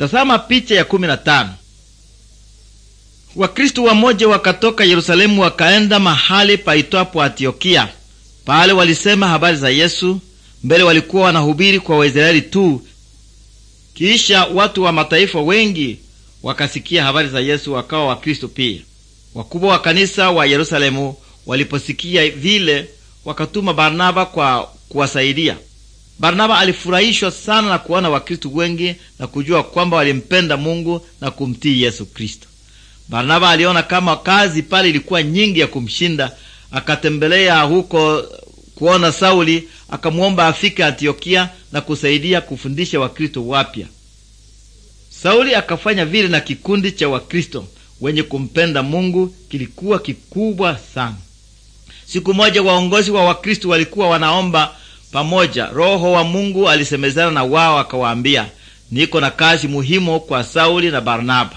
Tazama picha ya kumi na tano. Wakristu wamoja wakatoka Yerusalemu wakaenda mahali paitwapo Antiokia. Pale walisema habari za Yesu. Mbele walikuwa wanahubiri kwa Waisraeli tu, kisha watu wa mataifa wengi wakasikia habari za Yesu wakawa Wakristu pia. Wakubwa wa kanisa wa Yerusalemu waliposikia vile, wakatuma Barnaba kwa kuwasaidia. Barnaba alifurahishwa sana na kuona Wakristu wengi na kujua kwamba walimpenda Mungu na kumtii Yesu Kristo. Barnaba aliona kama kazi pale ilikuwa nyingi ya kumshinda, akatembelea huko kuona Sauli, akamwomba afike Antiokia na kusaidia kufundisha Wakristo wapya. Sauli akafanya vile, na kikundi cha Wakristo wenye kumpenda Mungu kilikuwa kikubwa sana. Siku moja waongozi wa Wakristo walikuwa wanaomba pamoja. Roho wa Mungu alisemezana na wao akawaambia, niko na kazi muhimu kwa Sauli na Barnaba.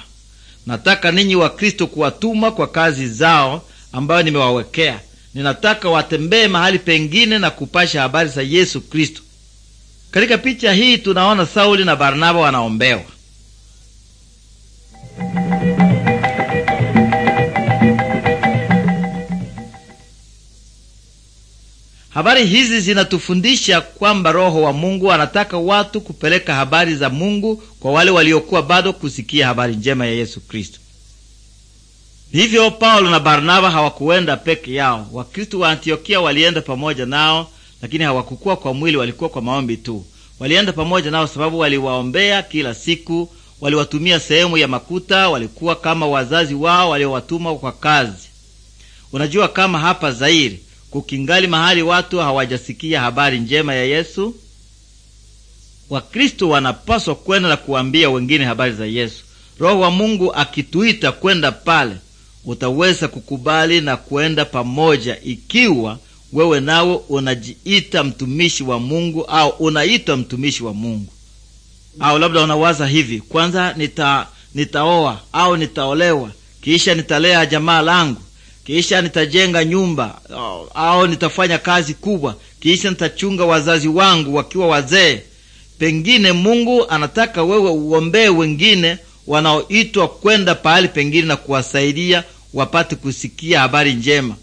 Nataka ninyi wa Kristo kuwatuma kwa kazi zao ambayo nimewawekea. Ninataka watembee mahali pengine na kupasha habari za Yesu Kristo. Katika picha hii tunaona Sauli na Barnaba wanaombewa. Habari hizi zinatufundisha kwamba Roho wa Mungu anataka watu kupeleka habari za Mungu kwa wale waliokuwa bado kusikia habari njema ya Yesu Kristo. Hivyo Paulo na Barnaba hawakuenda peke yao. Wakristo wa Antiokia walienda pamoja nao, lakini hawakukuwa kwa mwili, walikuwa kwa maombi tu. Walienda pamoja nao sababu waliwaombea kila siku, waliwatumia sehemu ya makuta, walikuwa kama wazazi wao waliowatuma kwa kazi. Unajua, kama hapa Zairi kukingali mahali watu hawajasikia habari njema ya Yesu. Wakristo wanapaswa kwenda na kuambia wengine habari za Yesu. Roho wa Mungu akituita kwenda pale, utaweza kukubali na kwenda pamoja, ikiwa wewe nawo unajiita mtumishi wa Mungu au unaitwa mtumishi wa Mungu. Au labda unawaza hivi, kwanza nita nitaoa au nitaolewa, kisha nitalea jamaa langu, kisha nitajenga nyumba au, nitafanya kazi kubwa, kisha nitachunga wazazi wangu wakiwa wazee. Pengine Mungu anataka wewe uombee wengine wanaoitwa kwenda pahali pengine na kuwasaidia wapate kusikia habari njema.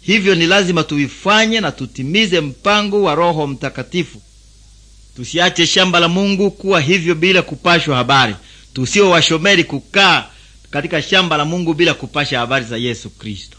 Hivyo ni lazima tuifanye na tutimize mpango wa Roho Mtakatifu. Tusiache shamba la Mungu kuwa hivyo bila kupashwa habari. Tusiwe washomeri kukaa katika shamba la Mungu bila kupasha habari za Yesu Kristo.